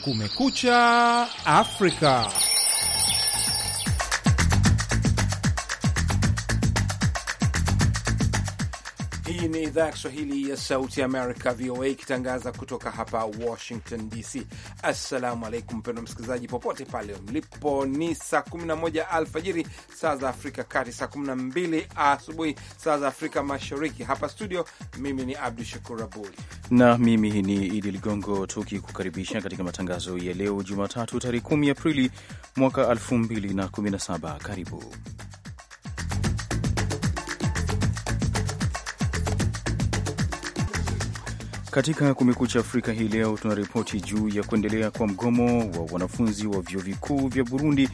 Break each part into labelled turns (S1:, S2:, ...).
S1: Kumekucha Afrika. Hii ni idhaa ya Kiswahili ya Sauti ya Amerika, VOA, ikitangaza kutoka hapa Washington DC. Assalamu alaikum, mpendwa msikilizaji, popote pale mlipo. Ni saa 11 alfajiri saa za Afrika Kati, saa 12 asubuhi saa za Afrika Mashariki. Hapa studio, mimi ni Abdu Shakur Abud
S2: na mimi ni Idi Ligongo, tukikukaribisha katika matangazo ya leo Jumatatu, tarehe 10 Aprili mwaka 2017. Karibu Katika Kumekucha Afrika hii leo tuna ripoti juu ya kuendelea kwa mgomo wa wanafunzi wa vyuo vikuu vya Burundi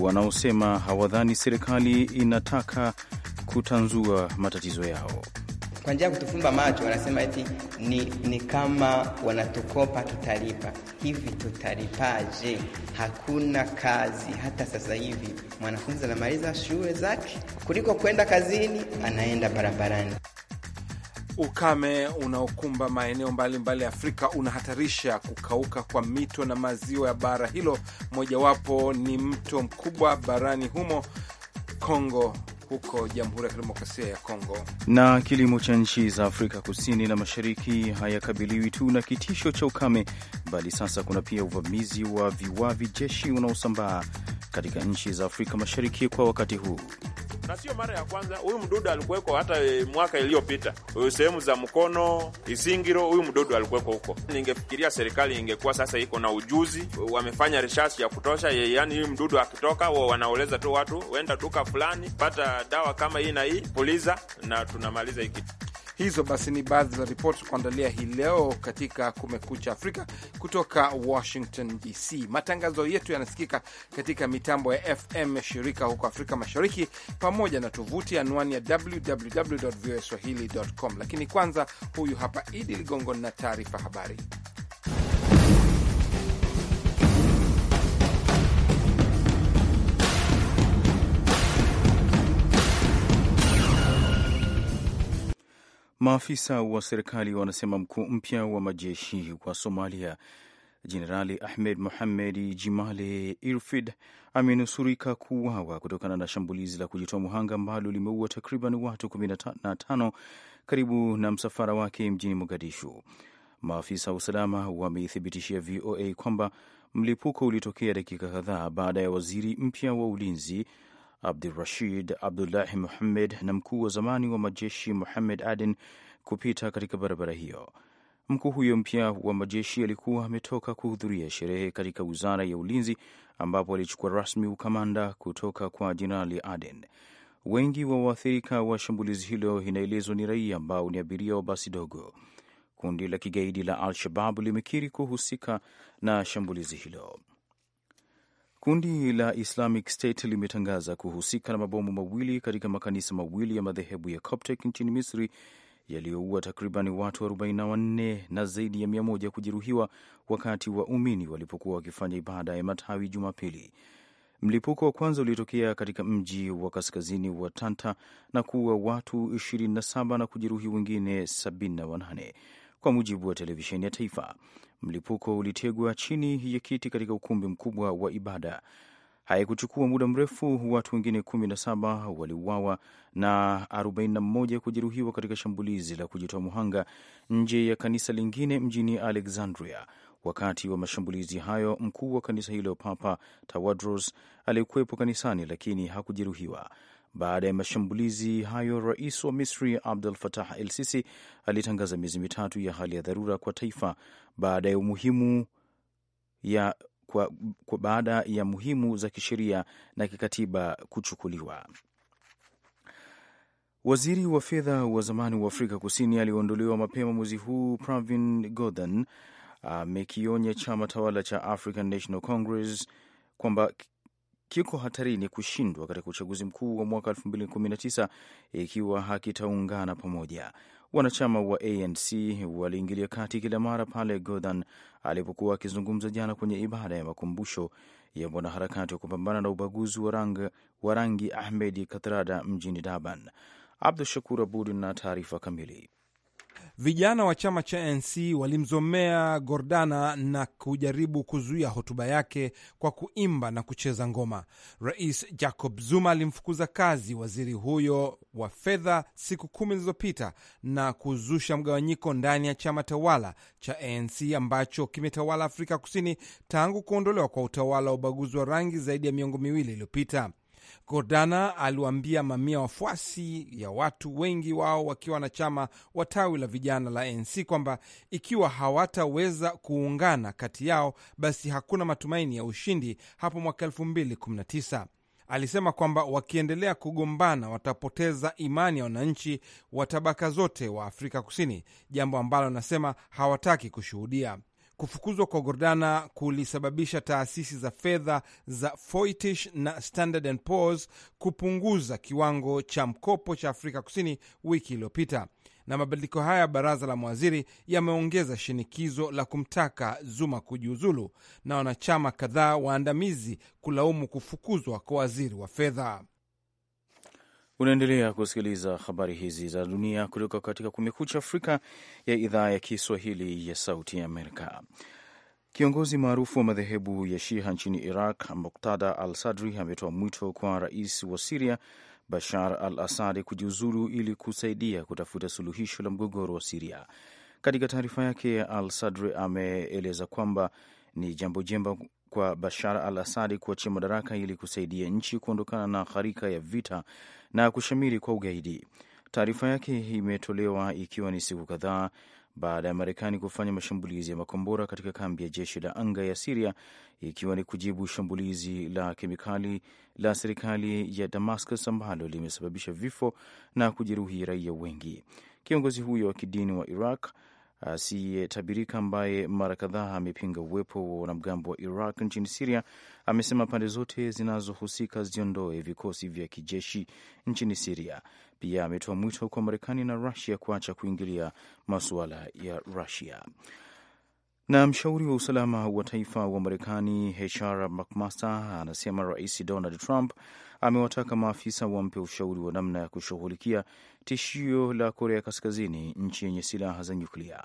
S2: wanaosema hawadhani serikali inataka kutanzua matatizo yao.
S3: Kwa njia ya kutufumba macho, wanasema eti ni, ni kama wanatukopa tutalipa. Hivi tutalipaje? Hakuna kazi. Hata sasa hivi mwanafunzi anamaliza shule zake, kuliko kwenda kazini, anaenda barabarani.
S1: Ukame unaokumba maeneo mbalimbali ya Afrika unahatarisha kukauka kwa mito na maziwa ya bara hilo. Mojawapo ni mto mkubwa barani humo, Kongo huko Jamhuri ya Kidemokrasia ya Kongo.
S2: Na kilimo cha nchi za Afrika Kusini na Mashariki hayakabiliwi tu na kitisho cha ukame, bali sasa kuna pia uvamizi wa viwavi jeshi unaosambaa katika nchi za Afrika Mashariki kwa wakati huu na sio
S4: mara ya kwanza. Huyu mdudu alikuweko hata e, mwaka iliyopita sehemu za Mkono, Isingiro, huyu mdudu alikuweko huko. Ningefikiria serikali ingekuwa sasa iko na ujuzi, wamefanya research ya kutosha ye, yani huyu mdudu akitoka wa wanaoleza tu watu, wenda duka fulani, pata dawa kama hii na hii, puliza na tunamaliza hiki.
S1: Hizo basi ni baadhi za ripoti kuandalia hii leo katika Kumekucha Afrika kutoka Washington DC. Matangazo yetu yanasikika katika mitambo ya FM shirika huko Afrika Mashariki, pamoja na tovuti anwani ya www voa swahili com. Lakini kwanza, huyu hapa Idi Ligongo na taarifa habari.
S2: Maafisa wa serikali wanasema mkuu mpya wa majeshi wa Somalia Jenerali Ahmed muhamed Jimale Irfid amenusurika kuuawa kutokana na shambulizi la kujitoa muhanga ambalo limeua takriban watu 15 karibu na msafara wake mjini Mogadishu. Maafisa wa usalama wameithibitishia VOA kwamba mlipuko ulitokea dakika kadhaa baada ya waziri mpya wa ulinzi Abdurashid Abdullahi Muhammed na mkuu wa zamani wa majeshi Muhammed Aden kupita katika barabara hiyo. Mkuu huyo mpya wa majeshi alikuwa ametoka kuhudhuria sherehe katika wizara ya ulinzi, ambapo alichukua rasmi ukamanda kutoka kwa Jenerali Aden. Wengi wa waathirika wa shambulizi hilo inaelezwa ni raia ambao ni abiria wa basi dogo. Kundi la kigaidi la Al-Shabab limekiri kuhusika na shambulizi hilo. Kundi la Islamic State limetangaza kuhusika na mabomu mawili katika makanisa mawili ya madhehebu ya Coptic nchini Misri yaliyoua takriban watu 44 na zaidi ya 100 kujeruhiwa wakati waumini walipokuwa wakifanya ibada ya matawi Jumapili. Mlipuko wa kwanza ulitokea katika mji wa kaskazini wa Tanta na kuua watu 27 na kujeruhi wengine 78. Kwa mujibu wa televisheni ya taifa, mlipuko ulitegwa chini ya kiti katika ukumbi mkubwa wa ibada. Haikuchukua muda mrefu, watu wengine 17 waliuawa na 41 kujeruhiwa katika shambulizi la kujitoa muhanga nje ya kanisa lingine mjini Alexandria. Wakati wa mashambulizi hayo, mkuu wa kanisa hilo Papa Tawadros aliyekuwepo kanisani lakini hakujeruhiwa baada ya mashambulizi hayo, rais wa Misri abdul fatah El Sisi alitangaza miezi mitatu ya hali ya dharura kwa taifa baada ya umuhimu ya kwa, kwa baada ya muhimu za kisheria na kikatiba kuchukuliwa. Waziri wa fedha wa zamani wa Afrika Kusini aliyeondolewa mapema mwezi huu Pravin Gordhan amekionya chama tawala cha African National Congress kwamba kiko hatarini kushindwa katika uchaguzi mkuu wa mwaka 2019 ikiwa hakitaungana pamoja. Wanachama wa ANC waliingilia kati kila mara pale godhan alipokuwa akizungumza jana kwenye ibada ya makumbusho ya mwanaharakati wa kupambana na ubaguzi wa rangi Ahmedi Kathrada mjini Durban. Abdu Shakur Abud na taarifa kamili. Vijana wa chama
S1: cha NC walimzomea Gordana na kujaribu kuzuia hotuba yake kwa kuimba na kucheza ngoma. Rais Jacob Zuma alimfukuza kazi waziri huyo wa fedha siku kumi zilizopita na kuzusha mgawanyiko ndani ya chama tawala cha ANC ambacho kimetawala Afrika Kusini tangu kuondolewa kwa utawala wa ubaguzi wa rangi zaidi ya miongo miwili iliyopita. Gordana aliwaambia mamia wafuasi ya watu, wengi wao wakiwa chama wa tawi la vijana la ANC, kwamba ikiwa hawataweza kuungana kati yao, basi hakuna matumaini ya ushindi hapo mwaka 219 Alisema kwamba wakiendelea kugombana watapoteza imani ya wananchi wa tabaka zote wa Afrika Kusini, jambo ambalo anasema hawataki kushuhudia. Kufukuzwa kwa Gordana kulisababisha taasisi za fedha za Fitch na Standard and Poor's kupunguza kiwango cha mkopo cha Afrika Kusini wiki iliyopita, na mabadiliko haya ya baraza la mawaziri yameongeza shinikizo la kumtaka Zuma kujiuzulu na wanachama kadhaa waandamizi kulaumu kufukuzwa kwa waziri wa fedha.
S2: Unaendelea kusikiliza habari hizi za dunia kutoka katika Kumekucha Afrika ya idhaa ya Kiswahili ya Sauti ya Amerika. Kiongozi maarufu wa madhehebu ya shiha nchini Iraq, Muktada al Sadri, ametoa mwito kwa rais wa Siria Bashar al Assad kujiuzulu ili kusaidia kutafuta suluhisho la mgogoro wa Siria. Katika taarifa yake, al Sadri ameeleza kwamba ni jambo jema kwa Bashar al Asadi kuachia madaraka ili kusaidia nchi kuondokana na gharika ya vita na kushamiri kwa ugaidi. Taarifa yake imetolewa ikiwa ni siku kadhaa baada ya Marekani kufanya mashambulizi ya makombora katika kambi ya jeshi la anga ya Siria ikiwa ni kujibu shambulizi la kemikali la serikali ya Damascus ambalo limesababisha vifo na kujeruhi raia wengi. Kiongozi huyo wa kidini wa Iraq asiyetabirika ah, eh, ambaye mara kadhaa amepinga uwepo wa wanamgambo wa Iraq nchini Siria amesema pande zote zinazohusika ziondoe vikosi vya kijeshi nchini Siria. Pia ametoa mwito kwa Marekani na Rusia kuacha kuingilia masuala ya Rusia. Na mshauri wa usalama wa taifa wa Marekani HR McMaster anasema Rais Donald Trump amewataka maafisa wampe ushauri wa namna ya kushughulikia tishio la Korea Kaskazini, nchi yenye silaha za nyuklia.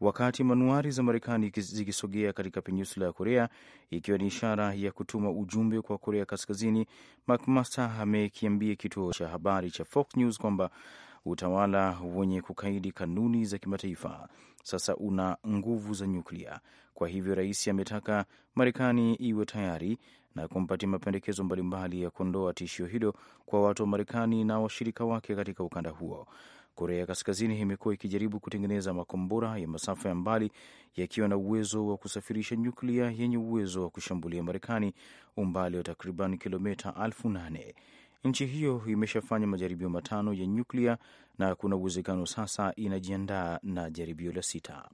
S2: Wakati manuari za Marekani zikisogea katika peninsula ya Korea, ikiwa ni ishara ya kutuma ujumbe kwa Korea Kaskazini, McMaster amekiambia kituo cha habari cha Fox News kwamba utawala wenye kukaidi kanuni za kimataifa sasa una nguvu za nyuklia. Kwa hivyo rais ametaka Marekani iwe tayari na kumpatia mapendekezo mbalimbali ya kuondoa tishio hilo kwa watu wa Marekani na washirika wake katika ukanda huo. Korea Kaskazini imekuwa ikijaribu kutengeneza makombora ya masafa ya mbali yakiwa na uwezo wa kusafirisha nyuklia yenye uwezo wa kushambulia Marekani umbali wa takriban kilomita elfu nane. Nchi hiyo imeshafanya majaribio matano ya nyuklia na kuna uwezekano sasa inajiandaa na jaribio la sita.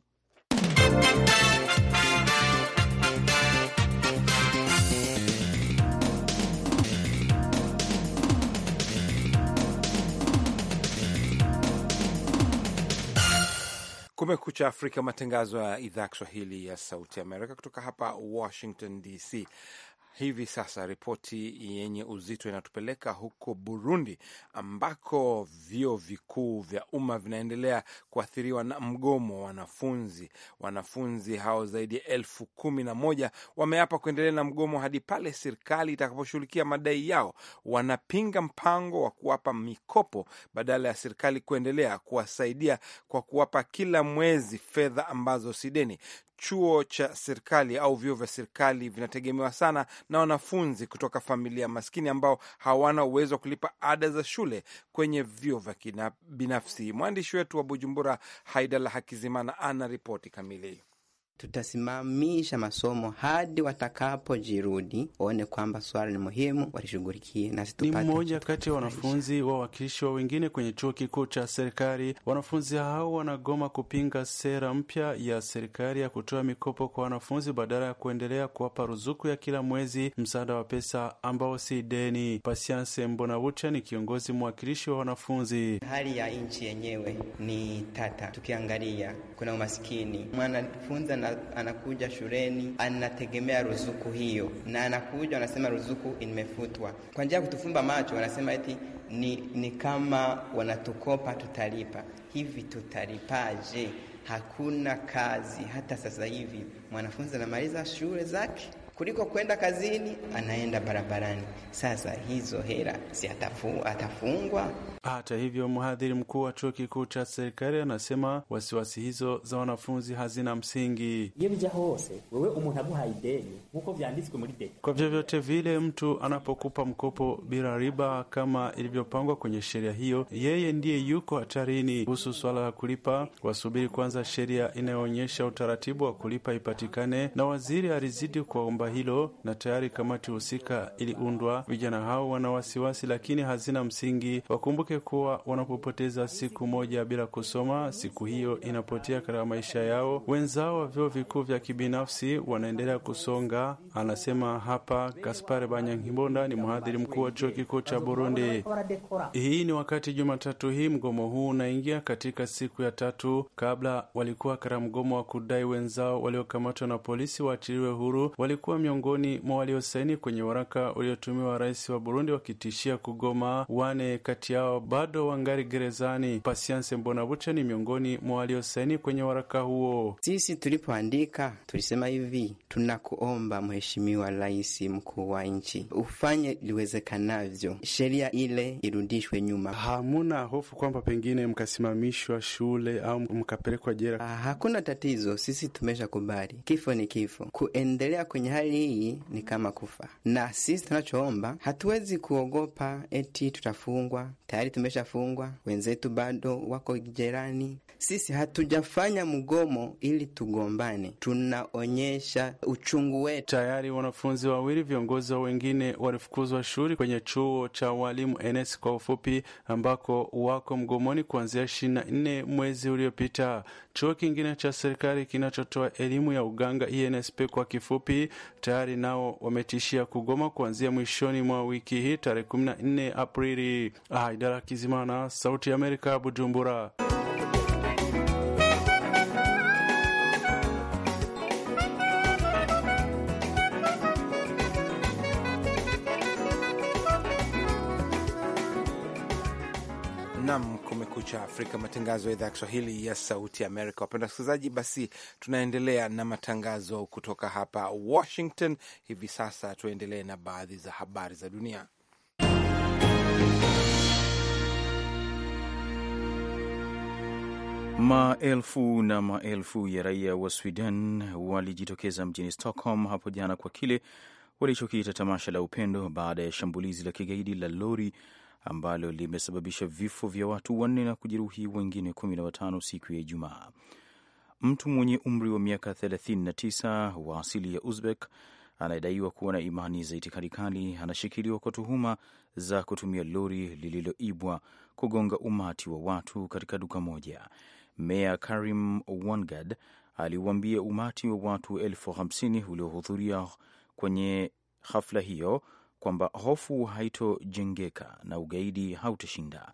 S1: Kumekucha Afrika, matangazo ya idhaa ya Kiswahili ya Sauti Amerika kutoka hapa Washington DC hivi sasa. Ripoti yenye uzito inatupeleka huko Burundi, ambako vyuo vikuu vya umma vinaendelea kuathiriwa na mgomo wa wanafunzi. Wanafunzi hao zaidi ya elfu kumi na moja wameapa kuendelea na mgomo hadi pale serikali itakaposhughulikia madai yao. Wanapinga mpango wa kuwapa mikopo badala ya serikali kuendelea kuwasaidia kwa kuwapa kila mwezi fedha ambazo si deni chuo cha serikali au vyuo vya serikali vinategemewa sana na wanafunzi kutoka familia maskini ambao hawana uwezo wa kulipa ada za shule kwenye vyuo vya binafsi. Mwandishi wetu wa Bujumbura, Haidala Hakizimana, ana ripoti kamili.
S3: Tutasimamisha masomo hadi watakapojirudi waone kwamba swala ni muhimu, walishughulikie nasi Ni mmoja
S5: kati ya wanafunzi wawakilishi wa wengine kwenye chuo kikuu cha serikali. Wanafunzi hao wanagoma kupinga sera mpya ya serikali ya kutoa mikopo kwa wanafunzi badala ya kuendelea kuwapa ruzuku ya kila mwezi, msaada wa pesa ambao si deni. Pasianse mbonawucha ni kiongozi mwakilishi wa wanafunzi. Hali ya nchi yenyewe ni tata, tukiangalia kuna
S3: umasikini, mwanafunzi anakuja shuleni, anategemea ruzuku hiyo, na anakuja anasema ruzuku imefutwa. Kwa njia ya kutufumba macho, wanasema eti ni, ni kama wanatukopa tutalipa. Hivi tutalipaje? Hakuna kazi. Hata sasa hivi mwanafunzi anamaliza shule zake kuliko kwenda kazini,
S5: anaenda barabarani. Sasa hizo hela si atafungwa? Hata hivyo, mhadhiri mkuu wa chuo kikuu cha serikali anasema wasiwasi hizo za wanafunzi hazina msingi. Kwa vyovyote vile, mtu anapokupa mkopo bila riba kama ilivyopangwa kwenye sheria hiyo, yeye ndiye yuko hatarini. Kuhusu swala la kulipa, wasubiri kwanza sheria inayoonyesha utaratibu wa kulipa ipatikane, na waziri alizidi kuwaomba shamba hilo, na tayari kamati husika iliundwa. Vijana hao wana wasiwasi, lakini hazina msingi. Wakumbuke kuwa wanapopoteza siku moja bila kusoma, siku hiyo inapotea katika maisha yao. Wenzao wa vyuo vikuu vya kibinafsi wanaendelea kusonga, anasema hapa Gaspar Banyankimbonda, ni mhadhiri mkuu wa chuo kikuu cha Burundi. Hii ni wakati Jumatatu hii mgomo huu unaingia katika siku ya tatu. Kabla walikuwa katika mgomo wa kudai wenzao waliokamatwa na polisi waachiliwe huru, walikuwa alikuwa miongoni mwa waliosaini kwenye waraka uliotumiwa rais wa Burundi wakitishia kugoma. Wane kati yao bado wangari gerezani. Pasianse Mbonabuche ni miongoni mwa waliosaini kwenye waraka huo. Sisi tulipoandika tulisema hivi, tunakuomba mheshimiwa rais
S3: mkuu wa nchi ufanye liwezekanavyo sheria ile irudishwe nyuma. Hamuna hofu kwamba pengine mkasimamishwa shule au mkapelekwa jera? Ah, hakuna tatizo, sisi kubali kifo ni kifo, kuendelea kwenye hali hali hii ni kama kufa, na sisi tunachoomba, hatuwezi kuogopa eti tutafungwa. Tayari tumeshafungwa, wenzetu bado wako jirani. Sisi hatujafanya mgomo
S5: ili tugombane, tunaonyesha uchungu wetu. Tayari wanafunzi wawili viongozi wa wengine walifukuzwa shule kwenye chuo cha walimu NS kwa ufupi, ambako wako mgomoni kuanzia ishirini na nne mwezi uliopita. Chuo kingine cha serikali kinachotoa elimu ya uganga ENSP kwa kifupi tayari nao wametishia kugoma kuanzia mwishoni mwa wiki hii tarehe 14 Aprili. Haidara ah, Kizimana, Sauti ya Amerika, Bujumbura.
S1: Nam Kumekucha Afrika, matangazo ya idhaa ya Kiswahili ya Sauti Amerika. Wapenda wasikilizaji, basi tunaendelea na matangazo kutoka hapa Washington hivi sasa. Tuendelee na baadhi za habari za dunia.
S2: Maelfu na maelfu ya raia wa Sweden walijitokeza mjini Stockholm hapo jana kwa kile walichokiita tamasha la upendo baada ya shambulizi la kigaidi la lori ambalo limesababisha vifo vya watu wanne na kujeruhi wengine kumi na watano siku ya Ijumaa. Mtu mwenye umri wa miaka 39 wa asili ya Uzbek anayedaiwa kuwa na imani za itikadi kali anashikiliwa kwa tuhuma za kutumia lori lililoibwa kugonga umati wa watu katika duka moja. Meya Karim Wangad aliuambia umati wa watu elfu hamsini uliohudhuria kwenye hafla hiyo kwamba hofu haitojengeka na ugaidi hautashinda.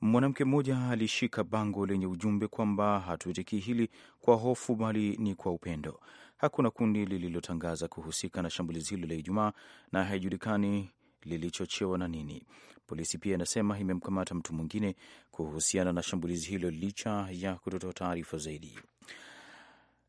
S2: Mwanamke mmoja alishika bango lenye ujumbe kwamba hatuitikii hili kwa hofu, bali ni kwa upendo. Hakuna kundi lililotangaza kuhusika na shambulizi hilo la Ijumaa na haijulikani lilichochewa na nini. Polisi pia inasema imemkamata mtu mwingine kuhusiana na shambulizi hilo licha ya kutotoa taarifa zaidi.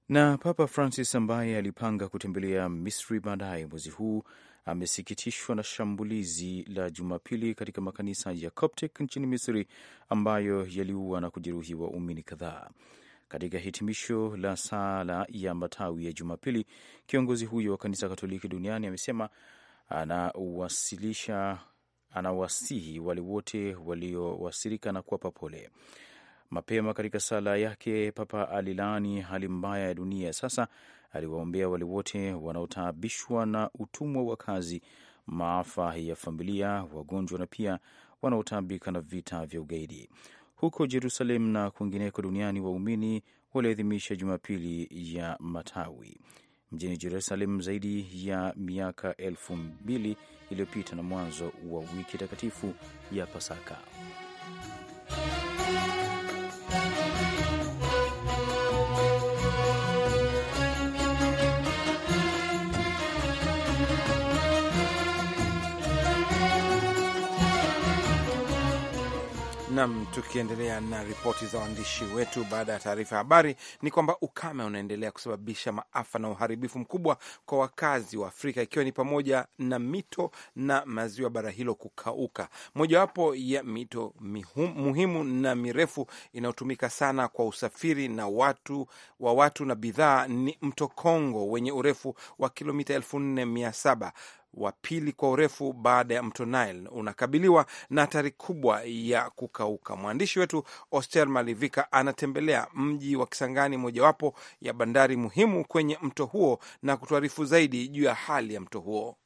S2: Na Papa Francis ambaye alipanga kutembelea Misri baadaye mwezi huu amesikitishwa na shambulizi la Jumapili katika makanisa ya Coptic nchini Misri ambayo yaliua na kujeruhi waumini kadhaa. Katika hitimisho la sala ya matawi ya Jumapili, kiongozi huyo wa kanisa Katoliki duniani amesema anawasilisha anawasihi wale wote waliowasirika na kuwapa pole. Mapema katika sala yake, Papa alilaani hali mbaya ya dunia sasa aliwaombea wale wote wanaotaabishwa na utumwa wa kazi, maafa ya familia, wagonjwa na pia wanaotaabika na vita vya ugaidi. Huko Jerusalem na kwingineko duniani, waumini waliadhimisha Jumapili ya Matawi mjini Jerusalem zaidi ya miaka elfu mbili iliyopita na mwanzo wa wiki takatifu ya Pasaka.
S1: Nam, tukiendelea na ripoti za waandishi wetu baada ya taarifa ya habari, ni kwamba ukame unaendelea kusababisha maafa na uharibifu mkubwa kwa wakazi wa Afrika, ikiwa ni pamoja na mito na maziwa bara hilo kukauka. Mojawapo ya mito mihum, muhimu na mirefu inayotumika sana kwa usafiri na watu wa watu na bidhaa ni mto Kongo wenye urefu wa kilomita elfu nne mia saba wa pili kwa urefu baada ya mto Nile unakabiliwa na hatari kubwa ya kukauka. Mwandishi wetu Oster Malivika anatembelea mji wa Kisangani, mojawapo ya bandari muhimu kwenye mto huo, na kutuarifu zaidi juu ya hali ya mto huo.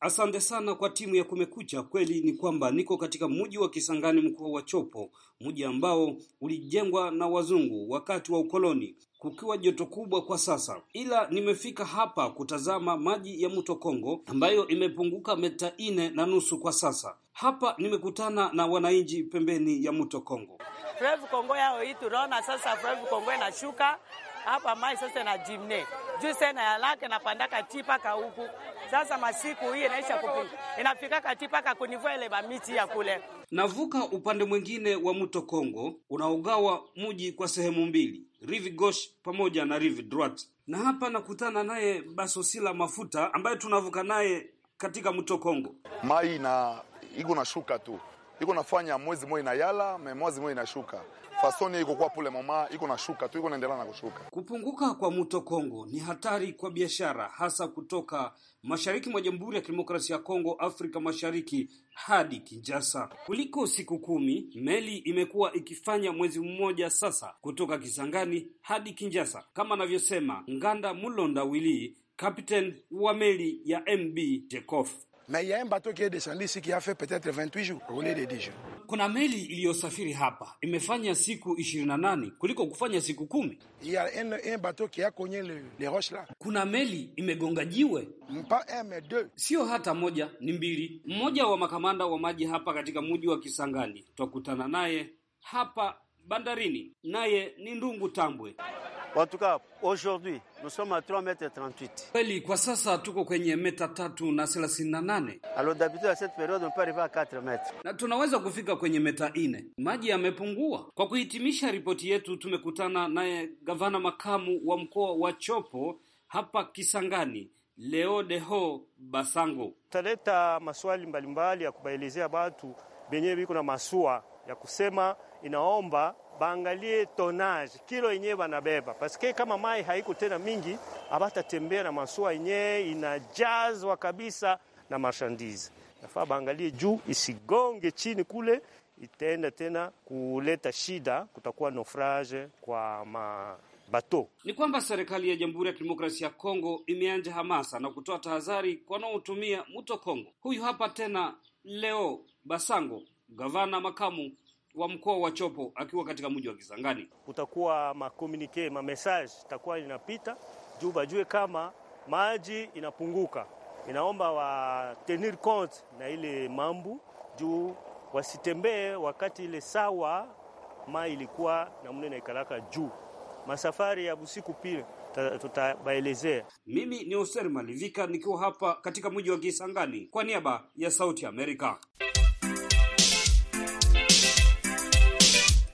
S6: Asante sana kwa timu ya Kumekucha. Kweli ni kwamba niko katika mji wa Kisangani, mkoa wa Chopo, mji ambao ulijengwa na wazungu wakati wa ukoloni kukiwa joto kubwa kwa sasa, ila nimefika hapa kutazama maji ya mto Kongo ambayo imepunguka meta nne na nusu kwa sasa. Hapa nimekutana na wananchi pembeni ya mto Kongo.
S3: Frevu Kongo yao hii tunaona sasa, Frevu Kongo inashuka hapa mai sasa na jimne juu sena yalake napandaka tipaka huku sasa masiku hii inaisha kupita, inafika kati paka kunivua ile mamiti ya kule.
S6: Navuka upande mwingine wa mto Kongo unaogawa mji kwa sehemu mbili, Rive Gauche pamoja na Rive Droite, na hapa nakutana naye Basosila Mafuta ambaye tunavuka naye
S4: katika mto Kongo. Mai na iko nashuka tu, iko nafanya mwezi mwe inayala, mwezi mwe inashuka fasoni iko kwa pole mama iko na shuka tu iko naendelea na kushuka.
S6: Kupunguka kwa mto Kongo ni hatari kwa biashara, hasa kutoka mashariki mwa Jamhuri ya Kidemokrasia ya Kongo, Afrika Mashariki hadi Kinshasa. Kuliko siku kumi, meli imekuwa ikifanya mwezi mmoja sasa, kutoka Kisangani hadi Kinshasa, kama anavyosema Nganda Mulonda Wili, kapteni wa meli ya MB
S4: Jekofu. Mais il y a un bateau qui est descendu ici qui a fait peut-être 28 jours au lieu de 10 jours. Kuna meli
S6: iliyosafiri hapa imefanya siku 28 kuliko kufanya siku kumi.
S4: Il y a un, un bateau qui a cogné le, le roche là. Kuna meli
S6: imegonga jiwe.
S4: Mpa M2.
S6: Sio hata moja, ni mbili. Mmoja wa makamanda wa maji hapa katika mji wa Kisangani. Twakutana naye hapa bandarini, naye ni Ndungu Tambwe.
S5: Aujourd'hui, nous sommes 3 38.
S6: Kweli kwa sasa tuko kwenye meta tatu na thelathini na nane. Alors d'habitude cette on peut arriver 4 Na tunaweza kufika kwenye meta ine Maji yamepungua. Kwa kuhitimisha ripoti yetu, tumekutana naye gavana makamu wa mkoa wa Chopo hapa Kisangani Leo Deho Basango. Tutaleta maswali mbalimbali mbali ya kubaelezea batu benyewe biko na masua ya kusema inaomba baangalie tonage kilo yenyewe wanabeba paske kama mai haiko tena mingi, abatatembea na masua yenyewe inajazwa kabisa na mashandizi. Nafaa baangalie juu isigonge chini kule, itaenda tena kuleta shida, kutakuwa naufrage kwa ma bato. Ni kwamba serikali ya Jamhuri ya Kidemokrasia ya Kongo imeanja hamasa na kutoa tahadhari kwa wanaotumia mto Kongo. Huyu hapa tena leo Basango, gavana makamu wa mkoa wa Chopo akiwa katika mji wa Kisangani. Kutakuwa makomunike ma message itakuwa inapita juu bajue kama maji inapunguka, inaomba wa tenir compte na ile mambo juu wasitembee wakati ile sawa ma ilikuwa namna inaikalaka juu masafari ya busiku pia tutabaelezea. Mimi ni Oser Malivika nikiwa hapa katika mji wa Kisangani kwa niaba ya Sauti Amerika.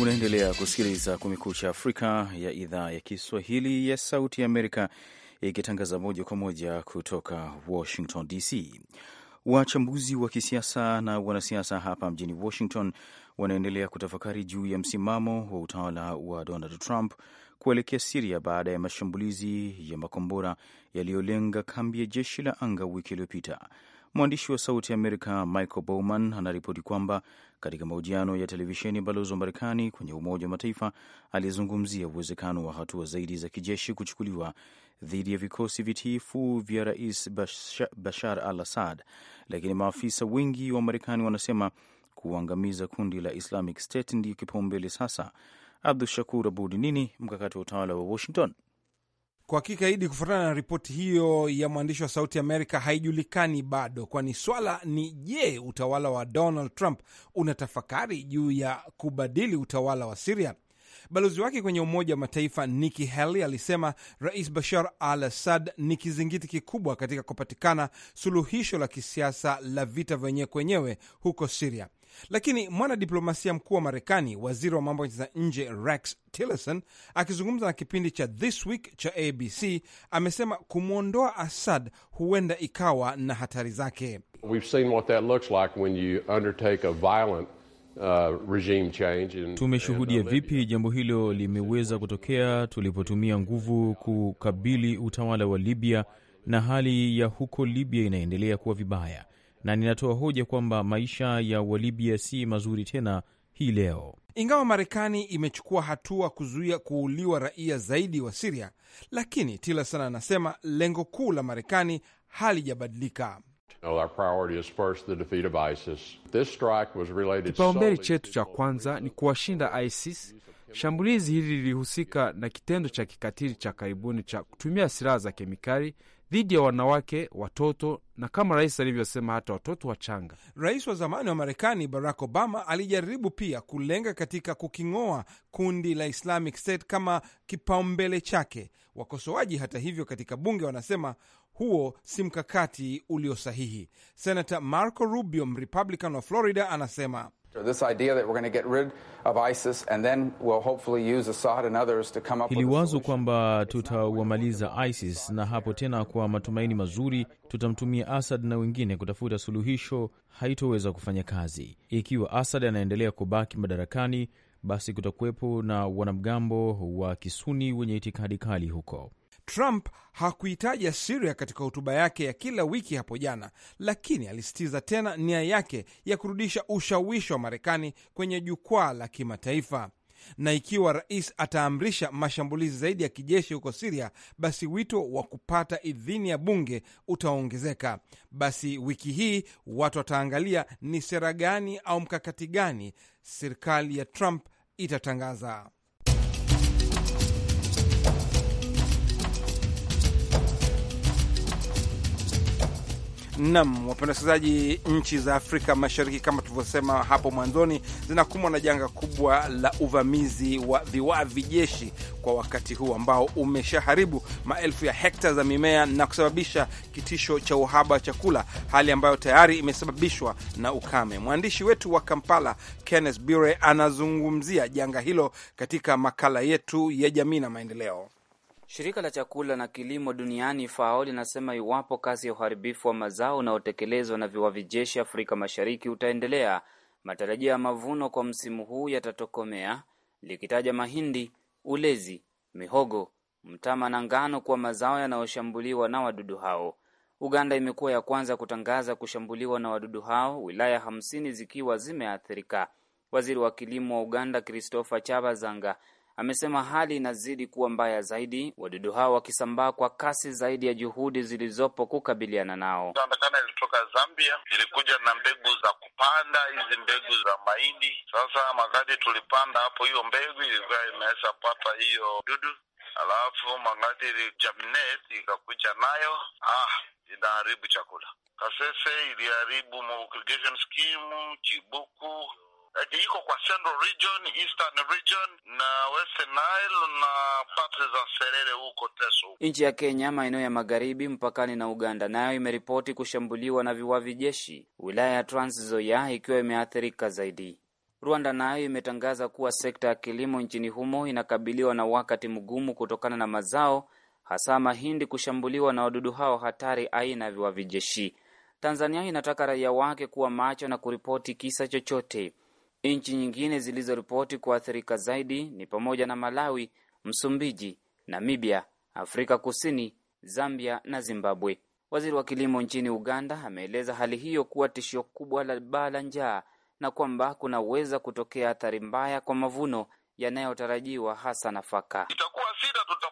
S2: Unaendelea kusikiliza Kumekucha Afrika ya idhaa ya Kiswahili ya Sauti ya Amerika, ikitangaza moja kwa moja kutoka Washington DC. Wachambuzi wa kisiasa na wanasiasa hapa mjini Washington wanaendelea kutafakari juu ya msimamo wa utawala wa Donald Trump kuelekea Siria baada ya mashambulizi ya makombora yaliyolenga kambi ya jeshi la anga wiki iliyopita. Mwandishi wa Sauti ya Amerika Michael Bowman anaripoti kwamba katika mahojiano ya televisheni, balozi wa Marekani kwenye Umoja wa Mataifa aliyezungumzia uwezekano wa hatua zaidi za kijeshi kuchukuliwa dhidi ya vikosi vitiifu vya Rais Bashar al Assad, lakini maafisa wengi wa Marekani wanasema kuangamiza kundi la Islamic State ndiyo kipaumbele sasa. Abdu Shakur Abud, nini mkakati wa utawala wa Washington kwa hakika Idi, kufuatana na ripoti hiyo ya mwandishi wa Sauti Amerika, haijulikani bado, kwani
S1: swala ni je, utawala wa Donald Trump unatafakari juu ya kubadili utawala wa Siria? Balozi wake kwenye Umoja wa Mataifa Nikki Haley alisema Rais Bashar al Assad ni kizingiti kikubwa katika kupatikana suluhisho la kisiasa la vita vyenyewe kwenyewe huko Siria. Lakini mwanadiplomasia mkuu wa Marekani, waziri wa mambo za nje Rex Tillerson, akizungumza na kipindi cha This Week cha ABC, amesema kumwondoa Assad huenda ikawa na hatari zake.
S7: Uh, tumeshuhudia
S2: vipi jambo hilo limeweza kutokea tulipotumia nguvu kukabili utawala wa Libya, na hali ya huko Libya inaendelea kuwa vibaya na ninatoa hoja kwamba maisha ya Walibya si mazuri tena hii leo.
S1: Ingawa Marekani imechukua hatua kuzuia kuuliwa raia zaidi wa Siria, lakini Tillerson anasema lengo kuu la Marekani halijabadilika.
S7: Kipaumbele chetu
S1: cha kwanza ni kuwashinda ISIS. Shambulizi hili lilihusika na kitendo cha kikatili cha karibuni cha kutumia silaha za kemikali dhidi ya wanawake, watoto na kama rais alivyosema, hata watoto wachanga. Rais wa zamani wa Marekani Barack Obama alijaribu pia kulenga katika kuking'oa kundi la Islamic State kama kipaumbele chake. Wakosoaji hata hivyo, katika bunge wanasema huo si mkakati ulio sahihi. Senata Marco Rubio, Mrepublican wa Florida, anasema iliwazo
S2: kwamba tutawamaliza ISIS na hapo tena, kwa matumaini mazuri, tutamtumia Asad na wengine kutafuta suluhisho, haitoweza kufanya kazi. Ikiwa Asad anaendelea kubaki madarakani, basi kutakuwepo na wanamgambo wa kisuni wenye itikadi kali huko.
S1: Trump hakuitaja Siria katika hotuba yake ya kila wiki hapo jana, lakini alisitiza tena nia yake ya kurudisha ushawishi wa Marekani kwenye jukwaa la kimataifa na ikiwa rais ataamrisha mashambulizi zaidi ya kijeshi huko Siria, basi wito wa kupata idhini ya bunge utaongezeka. Basi wiki hii watu wataangalia ni sera gani au mkakati gani serikali ya Trump itatangaza. Nam, wapenda wasikilizaji, nchi za Afrika Mashariki kama tulivyosema hapo mwanzoni zinakumbwa na janga kubwa la uvamizi wa viwavi jeshi kwa wakati huu ambao umeshaharibu maelfu ya hekta za mimea na kusababisha kitisho cha uhaba wa chakula, hali ambayo tayari imesababishwa na ukame. Mwandishi wetu wa Kampala Kenneth Bure anazungumzia janga hilo katika makala yetu ya jamii na maendeleo.
S7: Shirika la chakula na kilimo duniani FAO linasema iwapo kasi ya uharibifu wa mazao unaotekelezwa na viwavi jeshi Afrika Mashariki utaendelea, matarajio ya mavuno kwa msimu huu yatatokomea, likitaja mahindi, ulezi, mihogo, mtama na ngano kuwa mazao yanayoshambuliwa na wadudu hao. Uganda imekuwa ya kwanza kutangaza kushambuliwa na wadudu hao, wilaya hamsini zikiwa zimeathirika. Waziri wa kilimo wa Uganda Christopher Chabazanga amesema hali inazidi kuwa mbaya zaidi, wadudu hao wakisambaa kwa kasi zaidi ya juhudi zilizopo kukabiliana nao. Sana ilitoka
S4: Zambia, ilikuja na mbegu za kupanda hizi mbegu za mahindi. Sasa magadi tulipanda hapo, hiyo mbegu ilikuwa imeweza pata hiyo dudu, alafu magadi
S1: ilijaminate ikakuja nayo, ah, inaharibu chakula. Kasese iliharibu irrigation scheme, Chibuku iko kwa Central Region, Eastern
S7: Region na Western Nile na parts za Serere huko Teso. Nchi ya Kenya, maeneo ya magharibi mpakani na Uganda, nayo imeripoti kushambuliwa na viwavi jeshi, wilaya ya Trans Nzoia ikiwa imeathirika zaidi. Rwanda nayo imetangaza kuwa sekta ya kilimo nchini humo inakabiliwa na wakati mgumu kutokana na mazao hasa mahindi kushambuliwa na wadudu hao hatari aina ya viwavi jeshi. Tanzania inataka raia wake kuwa macho na kuripoti kisa chochote. Nchi nyingine zilizoripoti kuathirika zaidi ni pamoja na Malawi, Msumbiji, Namibia, Afrika Kusini, Zambia na Zimbabwe. Waziri wa kilimo nchini Uganda ameeleza hali hiyo kuwa tishio kubwa la baa la njaa na kwamba kunaweza kutokea athari mbaya kwa mavuno yanayotarajiwa hasa nafaka. Itakuwa shida, tuta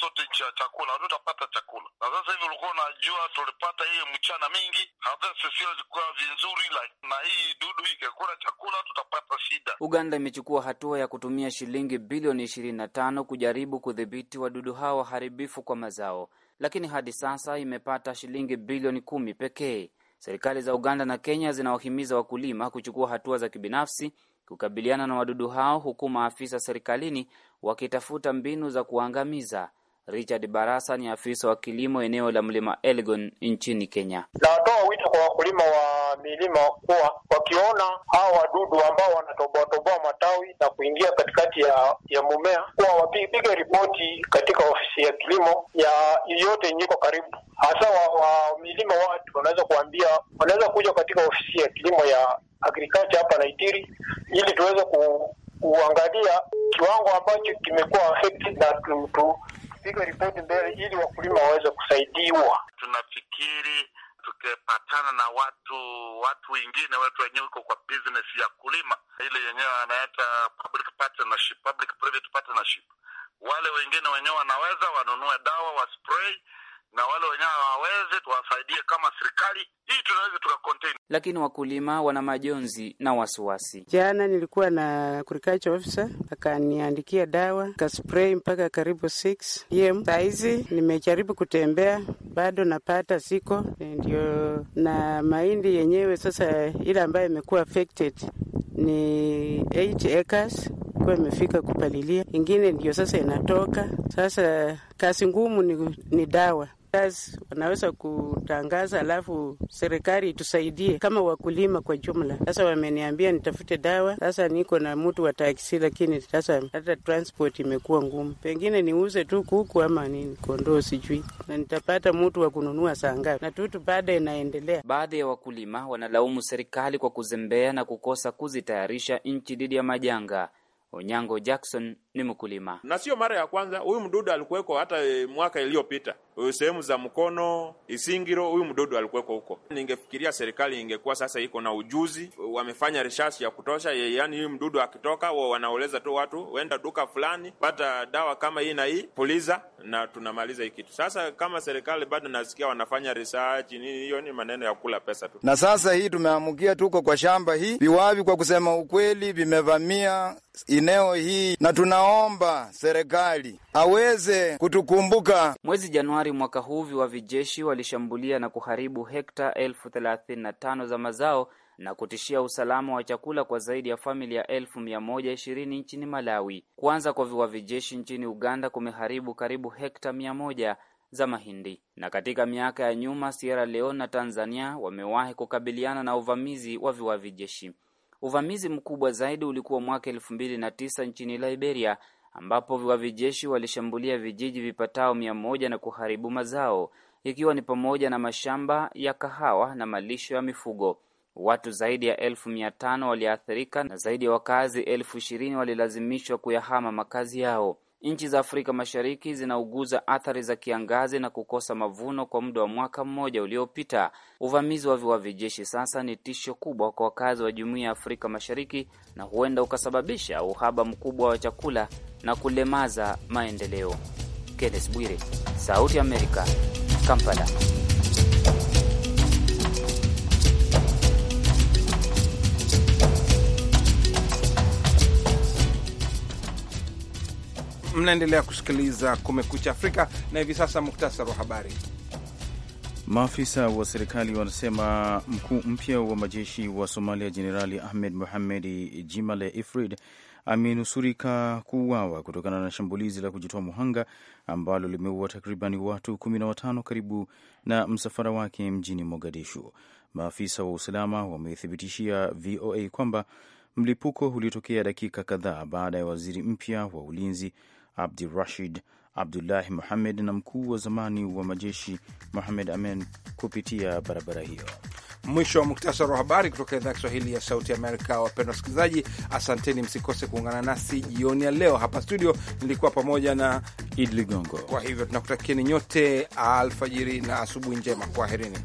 S4: sote nchi ya chakula,
S7: hatutapata chakula. Na sasa hivi ulikuwa unajua tulipata hii mchana mingi, hata sisio zikuwa vizuri, na hii dudu ikakula chakula, tutapata shida. Uganda imechukua hatua ya kutumia shilingi bilioni ishirini na tano kujaribu kudhibiti wadudu hao waharibifu kwa mazao, lakini hadi sasa imepata shilingi bilioni kumi pekee. Serikali za Uganda na Kenya zinawahimiza wakulima kuchukua hatua za kibinafsi kukabiliana na wadudu hao, huku maafisa serikalini wakitafuta mbinu za kuangamiza. Richard Barasa ni afisa wa kilimo eneo la mlima Elgon nchini Kenya.
S4: Natoa wito kwa wakulima wa milima kuwa wakiona hawa wadudu ambao wanatoboatoboa matawi na kuingia katikati ya ya mumea, kuwa wapige ripoti katika ofisi ya kilimo ya yoyote yenye iko karibu, hasa wa, wa milima watu wanaweza kuambia, wanaweza kuja katika ofisi ya kilimo ya agriculture hapa Naitiri ili tuweze ku, kuangalia kiwango ambacho kimekuwa affected na tu, tu, kupigwa ripoti
S1: mbele ili wakulima waweze
S4: kusaidiwa. Tunafikiri tukipatana na
S1: watu watu wengine watu wenyewe uko kwa business ya kulima ile yenyewe wanaita public partnership, public private partnership, wale wengine wenyewe wanaweza wanunue
S7: dawa waspray na wale wenyewe hawaweze tuwasaidie kama serikali hii, tunaweza tukakontain. Lakini wakulima wana majonzi na wasiwasi.
S3: Jana nilikuwa na agriculture officer akaniandikia dawa kaspray mpaka karibu 6 pm. Saa hizi nimejaribu kutembea bado napata siko eh, ndio, na mahindi yenyewe sasa, ile ambayo imekuwa affected ni 8 acres kuwa imefika kupalilia, ingine ndio sasa inatoka sasa. Kazi ngumu ni, ni dawa kazi wanaweza kutangaza, alafu serikali itusaidie kama wakulima kwa jumla. Sasa wameniambia nitafute dawa, sasa niko na mtu wa taksi, lakini sasa hata transport imekuwa ngumu. Pengine niuze tu kuku ama nini, kondoo sijui, na nitapata mtu wa kununua saa ngapi, na tutu bado inaendelea.
S7: Baadhi ya wakulima wanalaumu serikali kwa kuzembea na kukosa kuzitayarisha nchi dhidi ya majanga. Onyango Jackson, ni mkulima,
S4: na sio mara ya kwanza. Huyu mdudu alikuweko hata eh, mwaka iliyopita sehemu za Mkono, Isingiro, huyu mdudu alikuweko huko. Ningefikiria serikali ingekuwa sasa iko na ujuzi, wamefanya research ya kutosha, yaani huyu mdudu akitoka wa wanaoleza tu watu, wenda duka fulani, pata dawa kama hii na hii, puliza na tunamaliza hii kitu. Sasa kama serikali bado nasikia wanafanya research nini, hiyo ni maneno ya kula pesa tu.
S2: Na sasa hii tumeamukia, tuko kwa shamba hii, viwavi kwa kusema ukweli vimevamia eneo hii na tuna tunaomba serikali aweze kutukumbuka.
S7: Mwezi Januari mwaka huu viwavi jeshi walishambulia na kuharibu hekta elfu thelathini na tano za mazao na kutishia usalama wa chakula kwa zaidi ya familia elfu mia moja ishirini nchini Malawi. Kuanza kwa viwavi jeshi nchini Uganda kumeharibu karibu hekta mia moja za mahindi. Na katika miaka ya nyuma Sierra Leone na Tanzania wamewahi kukabiliana na uvamizi wa viwavi jeshi. Uvamizi mkubwa zaidi ulikuwa mwaka elfu mbili na tisa nchini Liberia ambapo wavijeshi walishambulia vijiji vipatao mia moja na kuharibu mazao ikiwa ni pamoja na mashamba ya kahawa na malisho ya mifugo. Watu zaidi ya elfu mia tano waliathirika na zaidi ya wakazi elfu ishirini walilazimishwa kuyahama makazi yao. Nchi za Afrika Mashariki zinauguza athari za kiangazi na kukosa mavuno kwa muda wa mwaka mmoja uliopita. Uvamizi wa viwavi jeshi sasa ni tisho kubwa kwa wakazi wa Jumuiya ya Afrika Mashariki na huenda ukasababisha uhaba mkubwa wa chakula na kulemaza maendeleo. Kenneth Bwire, Sauti ya Amerika, Kampala.
S1: Mnaendelea kusikiliza Kumekucha Afrika na hivi sasa muktasari wa habari.
S2: Maafisa wa serikali wanasema mkuu mpya wa majeshi wa Somalia Jenerali Ahmed Muhamedi Jimale Ifrid amenusurika kuuawa kutokana na shambulizi la kujitoa muhanga ambalo limeua takriban watu kumi na watano karibu na msafara wake mjini Mogadishu. Maafisa wa usalama wamethibitishia VOA kwamba mlipuko ulitokea dakika kadhaa baada ya waziri mpya wa ulinzi Abdi Rashid Abdullahi Muhamed na mkuu wa zamani wa majeshi muhamed Amen kupitia barabara hiyo. Mwisho wa muktasari
S1: wa habari kutoka idhaa ya Kiswahili ya Sauti Amerika. Wapendwa wasikilizaji, asanteni, msikose kuungana nasi jioni ya leo hapa studio. Nilikuwa pamoja na Idi Ligongo. Kwa hivyo tunakutakieni nyote alfajiri na asubuhi njema. Kwaherini.